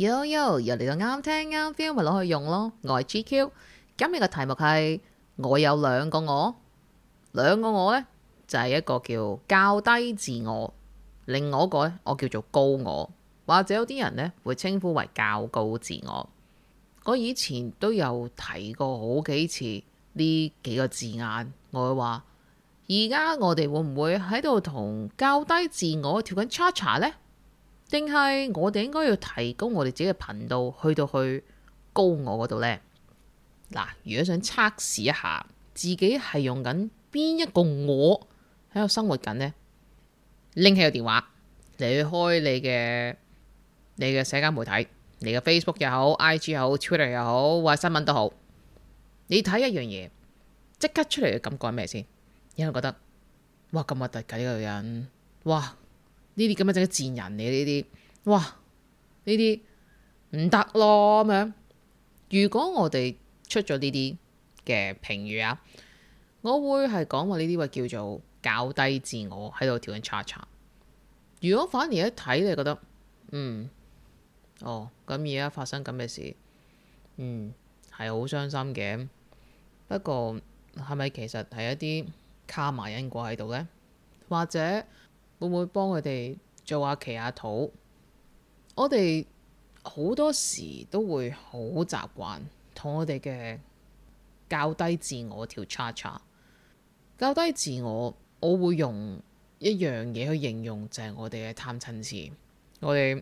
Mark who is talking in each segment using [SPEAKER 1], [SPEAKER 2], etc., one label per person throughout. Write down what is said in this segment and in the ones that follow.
[SPEAKER 1] Yo yo，又嚟到啱聽啱 feel 咪攞去用咯。我係 GQ，今日嘅題目係我有兩個我，兩個我呢，就係、是、一個叫較低自我，另外一個呢，我叫做高我，或者有啲人呢會稱呼為較高自我。我以前都有提過好幾次呢幾個字眼，我會話而家我哋會唔會喺度同較低自我跳緊 cha cha 呢？」定係我哋應該要提高我哋自己嘅頻道去到去高我嗰度呢？嗱，如果想測試一下自己係用緊邊一個我喺度生活緊呢？拎起個電話嚟去開你嘅你嘅社交媒體，你嘅 Facebook 又好，IG 又好，Twitter 又好，或者新聞都好，你睇一樣嘢，即刻出嚟嘅感覺係咩先？因為覺得哇，咁核突嘅呢個人，哇！呢啲咁啊，真係賤人嚟，呢啲，哇！呢啲唔得咯咁樣。如果我哋出咗呢啲嘅評語啊，我會係講話呢啲話叫做較低自我喺度跳緊叉叉。如果反而一睇你覺得，嗯，哦，咁而家發生咁嘅事，嗯，係好傷心嘅。不過係咪其實係一啲卡埋因果喺度咧，或者？會唔會幫佢哋做下祈下禱？我哋好多時都會好習慣，同我哋嘅較低自我條叉叉。較低自我，我會用一樣嘢去形容，就係我哋嘅貪嗔癡。我哋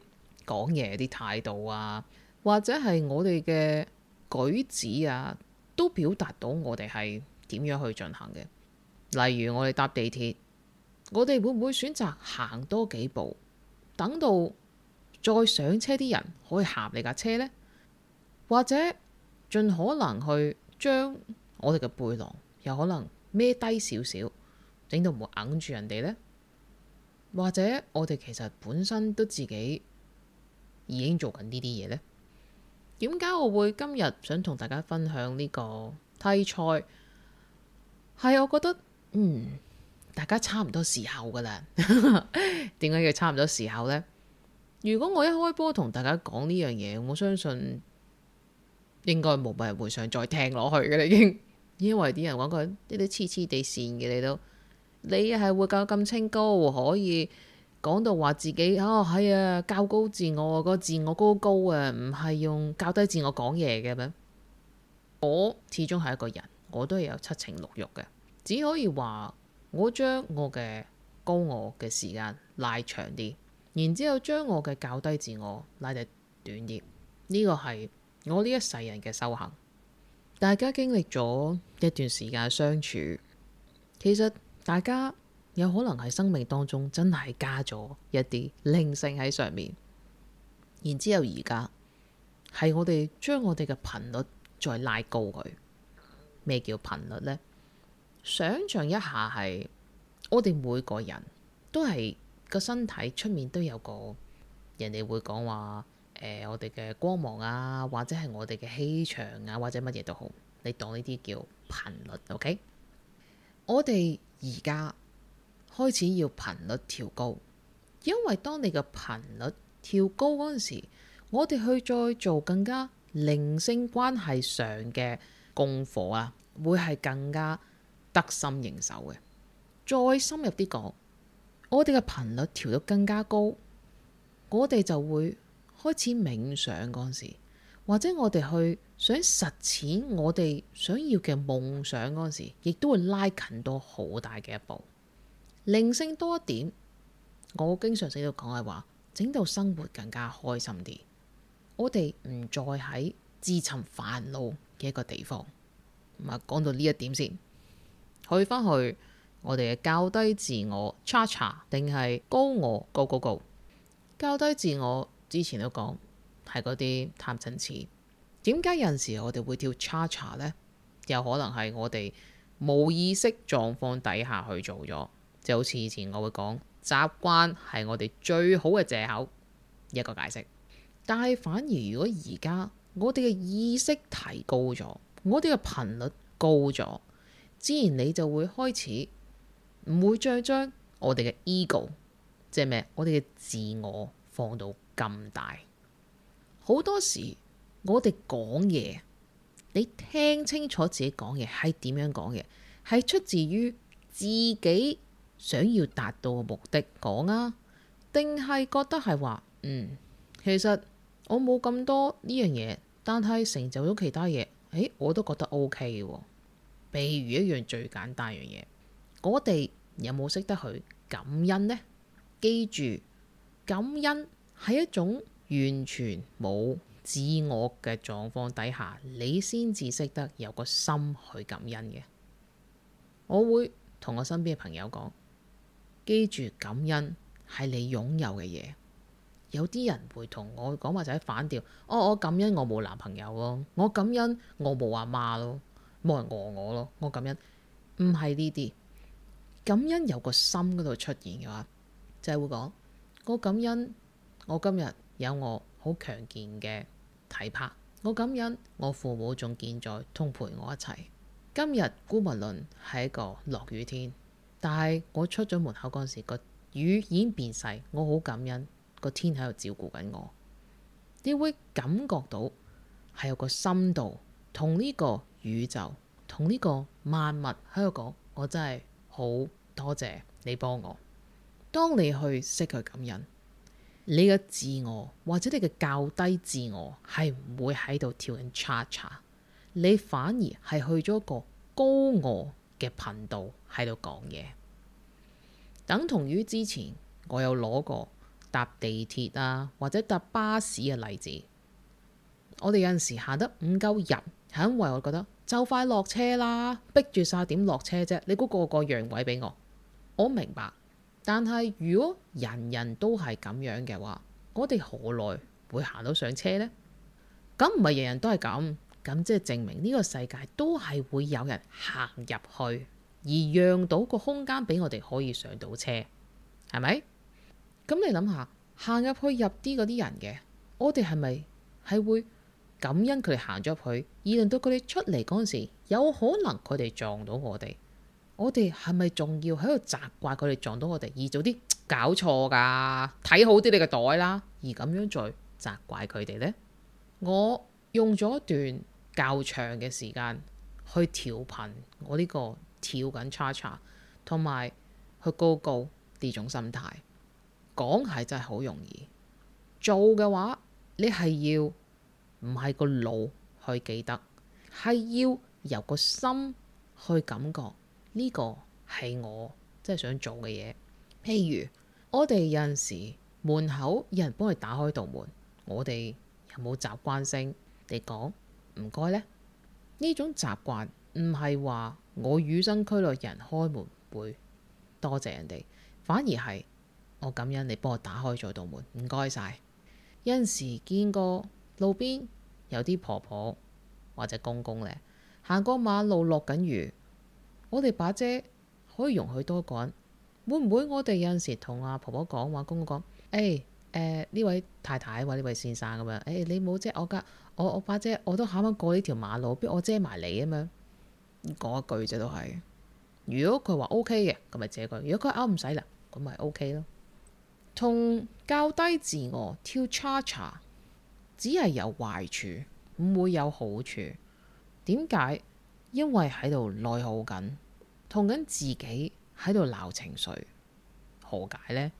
[SPEAKER 1] 講嘢啲態度啊，或者係我哋嘅舉止啊，都表達到我哋係點樣去進行嘅。例如我哋搭地鐵。我哋會唔會選擇行多幾步，等到再上車啲人可以行你架車呢？或者盡可能去將我哋嘅背囊有可能孭低少少，整到唔會硬住人哋呢？或者我哋其實本身都自己已經做緊呢啲嘢呢？點解我會今日想同大家分享呢個題材？係我覺得，嗯。大家差唔多時候㗎喇，點 解要差唔多時候呢？如果我一開波同大家講呢樣嘢，我相信應該冇人會想再聽落去㗎喇，已經，因為啲人講佢，啲啲黐黐地線嘅你都，你係會教咁清高，可以講到話自己哦係啊，啊，較高自我、個自我高高啊，唔係用較低自我講嘢嘅咩？我始終係一個人，我都係有七情六欲嘅，只可以話。我將我嘅高我嘅時間拉長啲，然之後將我嘅較低自我拉得短啲。呢個係我呢一世人嘅修行。大家經歷咗一段時間嘅相處，其實大家有可能喺生命當中真係加咗一啲靈性喺上面。然之後而家係我哋將我哋嘅頻率再拉高佢。咩叫頻率呢？想象一下，係我哋每個人都係個身體出面都有個人哋會講話。誒、呃，我哋嘅光芒啊，或者係我哋嘅氣場啊，或者乜嘢都好，你當呢啲叫頻率。OK，我哋而家開始要頻率調高，因為當你嘅頻率調高嗰陣時，我哋去再做更加靈性關係上嘅功課啊，會係更加。得心應手嘅。再深入啲講，我哋嘅頻率調到更加高，我哋就會開始冥想嗰陣時，或者我哋去想實踐我哋想要嘅夢想嗰陣時，亦都會拉近到好大嘅一步。靈性多一點，我經常喺度講嘅話，整到生活更加開心啲，我哋唔再喺自尋煩惱嘅一個地方。咁啊，講到呢一點先。去以翻去我哋嘅較低自我 Cha Cha 定係高我 Go Go Go。較低自我之前都講係嗰啲貪嗔癡，點解有陣時我哋會跳 Cha Cha 呢？有可能係我哋冇意識狀況底下去做咗，就好似以前我會講習慣係我哋最好嘅藉口一個解釋。但係反而如果而家我哋嘅意識提高咗，我哋嘅頻率高咗。自然你就會開始唔會再將我哋嘅 ego 即係咩？我哋嘅自我放到咁大。好多時我哋講嘢，你聽清楚自己講嘢係點樣講嘢？係出自於自己想要達到嘅目的講啊，定係覺得係話嗯，其實我冇咁多呢樣嘢，但係成就咗其他嘢，誒，我都覺得 OK 嘅喎。譬如一樣最簡單嘅嘢，我哋有冇識得去感恩呢？記住，感恩係一種完全冇自我嘅狀況底下，你先至識得有個心去感恩嘅。我會同我身邊嘅朋友講，記住，感恩係你擁有嘅嘢。有啲人會同我講話就係反調，哦，我感恩我冇男朋友咯，我感恩我冇阿媽咯。冇人餓我咯，我感恩唔係呢啲。感恩由個心嗰度出現嘅話，就係、是、會講我感恩。我今日有我好強健嘅體魄，我感恩我父母仲健在，同陪我一齊。今日姑勿論係一個落雨天，但係我出咗門口嗰陣時，個雨已經變細，我好感恩個天喺度照顧緊我。你會感覺到係有個深度同呢、這個。宇宙同呢個萬物喺度講，我真係好多謝你幫我。當你去識佢感恩，你嘅自我或者你嘅較低自我係唔會喺度跳緊 cha cha，cha，你反而係去咗一個高我嘅頻道喺度講嘢，等同於之前我有攞過搭地鐵啊或者搭巴士嘅例子。我哋有陣時行得唔夠入，係因為我覺得。就快落車啦，逼住晒點落車啫？你估個個讓位俾我？我明白，但係如果人人都係咁樣嘅話，我哋何來會行到上車呢？咁唔係人人都係咁，咁即係證明呢個世界都係會有人行入去，而讓到個空間俾我哋可以上到車，係咪？咁你諗下，行入去入啲嗰啲人嘅，我哋係咪係會？感恩佢哋行咗入去，而令到佢哋出嚟嗰陣時，有可能佢哋撞到我哋，我哋係咪仲要喺度責怪佢哋撞到我哋，而做啲搞錯㗎，睇好啲你嘅袋啦，而咁樣再責怪佢哋咧？我用咗一段較長嘅時間去調頻、這個，我呢個跳緊 CHA CHA，同埋去 GO GO 呢種心態，講係真係好容易，做嘅話，你係要。唔係個腦去記得，係要由個心去感覺呢個係我即係想做嘅嘢。譬如我哋有陣時門口有人幫你打開道門，我哋有冇習慣性？嚟講唔該呢。呢種習慣唔係話我與生俱來人開門會多謝人哋，反而係我感恩你幫我打開咗道門，唔該晒。有陣時見過。路邊有啲婆婆或者公公咧，行過馬路落緊雨，我哋把遮可以容許多個人。會唔會我哋有陣時同阿婆婆講話，公公講，誒誒，呢位太太或呢位先生咁樣，誒你冇遮，我㗎我我把遮，我都啱啱過呢條馬路，不如我遮埋你咁樣，講一句啫都係。如果佢話 O K 嘅，咁咪借佢；如果佢話啱唔使啦，咁咪 O K 咯。同較低自我跳 cha cha。Cha, 只係有壞處，唔會有好處。點解？因為喺度內耗緊，同緊自己喺度鬧情緒，何解呢？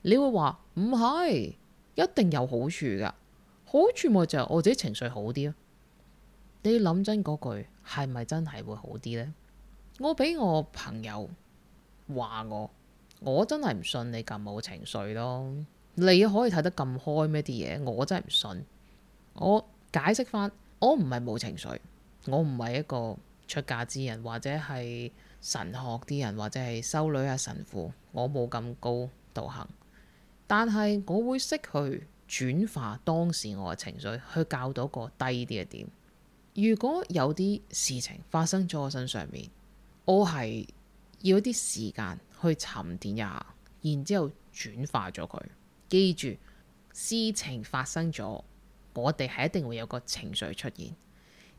[SPEAKER 1] 你會話唔係，一定有好處㗎，好處咪就係我自己情緒好啲咯。你諗真嗰句係咪真係會好啲呢？我俾我朋友話我，我真係唔信你咁冇情緒咯。你可以睇得咁開咩啲嘢？我真係唔信。我解釋翻，我唔係冇情緒，我唔係一個出家之人，或者係神學啲人，或者係修女啊神父，我冇咁高道行。但係我會識去轉化當時我嘅情緒，去教到個低啲嘅點。如果有啲事情發生咗我身上面，我係要啲時間去沉澱一下，然之後轉化咗佢。記住，事情發生咗，我哋係一定會有個情緒出現。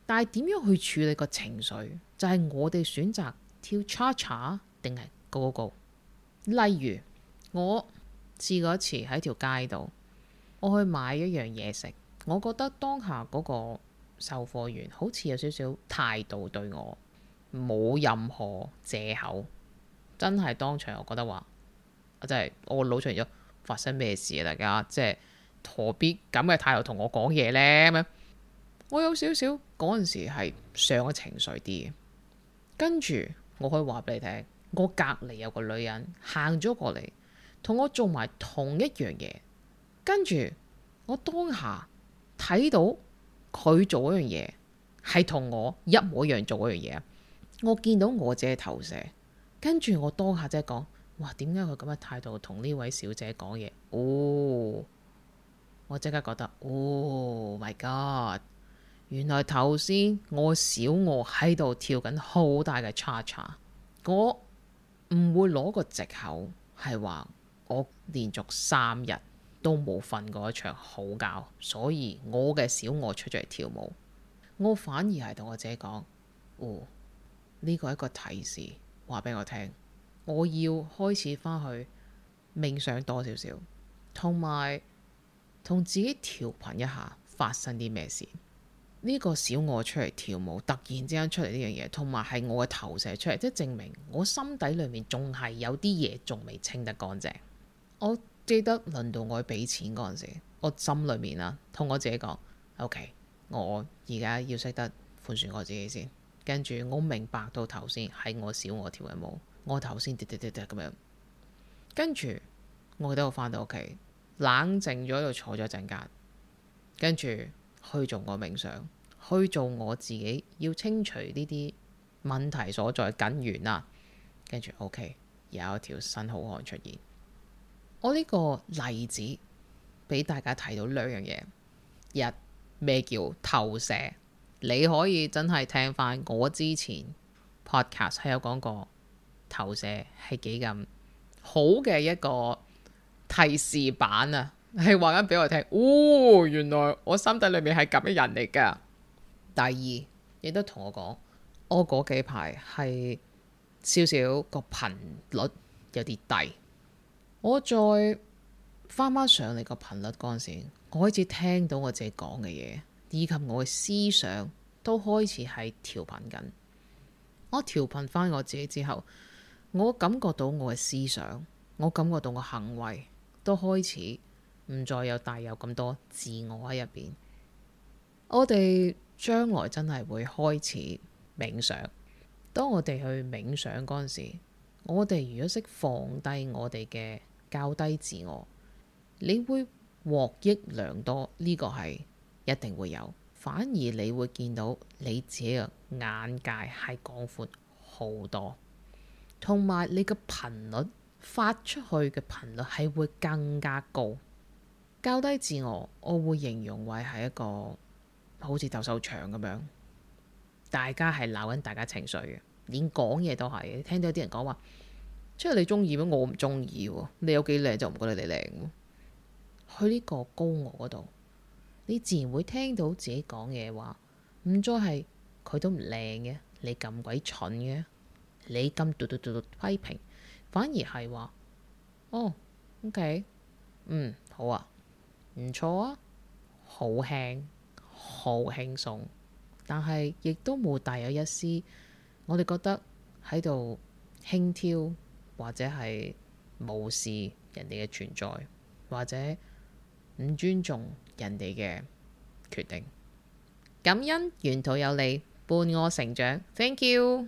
[SPEAKER 1] 但係點樣去處理個情緒，就係我哋選擇跳 cha cha 定係 go go go。例如我試過一次喺條街度，我去買一樣嘢食，我覺得當下嗰個售貨員好似有少少態度對我，冇任何借口，真係當場我覺得話，我真係我腦出嚟咗。發生咩事啊？大家即係何必咁嘅態度同我講嘢呢？咁樣我有少少嗰陣時係上咗情緒啲，跟住我可以話俾你聽，我隔籬有個女人行咗過嚟，同我做埋同一樣嘢，跟住我當下睇到佢做嗰樣嘢係同我一模一樣做嗰樣嘢，我見到我自己投射，跟住我當下即係講。哇！點解佢咁嘅態度同呢位小姐講嘢？哦，我即刻覺得，哦，My God！原來頭先我小我喺度跳緊好大嘅叉叉，cha，我唔會攞個藉口係話我連續三日都冇瞓過一場好覺，所以我嘅小我出咗嚟跳舞，我反而係同我自己講：，哦，呢個係一個提示，話俾我聽。我要開始返去冥想多少少，同埋同自己調頻一下發生啲咩事。呢個小我出嚟跳舞，突然之間出嚟呢樣嘢，同埋係我嘅投射出嚟，即係證明我心底裏面仲係有啲嘢仲未清得乾淨。我記得輪到我俾錢嗰陣時，我心裏面啊，同我自己講，O K，我而家要識得寬恕我自己先。跟住我明白到頭先係我小我跳嘅舞。我頭先跌跌跌跌咁樣，跟住我記得我翻到屋企，冷靜咗，喺度坐咗一陣間，跟住去做我冥想，去做我自己，要清除呢啲問題所在嘅根源啦。跟住，OK，有一條新好漢出現。我呢個例子俾大家睇到兩樣嘢，一，咩叫投射？你可以真係聽翻我之前 Podcast 係有講過。投射係幾咁好嘅一個提示版啊，係話緊俾我聽，哦，原來我心底裏面係咁嘅人嚟噶。第二亦都同我講，我嗰幾排係少少個頻率有啲低，我再翻返上嚟個頻率嗰陣時，我開始聽到我自己講嘅嘢，以及我嘅思想都開始係調頻緊。我調頻翻我自己之後。我感覺到我嘅思想，我感覺到我行為都開始唔再有帶有咁多自我喺入面。我哋將來真係會開始冥想。當我哋去冥想嗰陣時，我哋如果識放低我哋嘅較低自我，你會獲益良多。呢個係一定會有，反而你會見到你自己嘅眼界係廣闊好多。同埋你個頻率發出去嘅頻率係會更加高。較低自我我會形容為係一個好似鬥獸場咁樣，大家係鬧緊大家情緒嘅，連講嘢都係嘅。聽到有啲人講話，即係你中意咩？我唔中意，你有幾靚就唔覺得你靚。去呢個高我嗰度，你自然會聽到自己講嘢話，唔再係佢都唔靚嘅，你咁鬼蠢嘅。你咁嘟嘟嘟嘟批評，反而係話哦，OK，嗯，好啊，唔錯啊，好輕，好輕鬆，但係亦都冇帶有一絲我哋覺得喺度輕佻或者係無視人哋嘅存在，或者唔尊重人哋嘅決定。感恩沿途有你伴我成長，Thank you。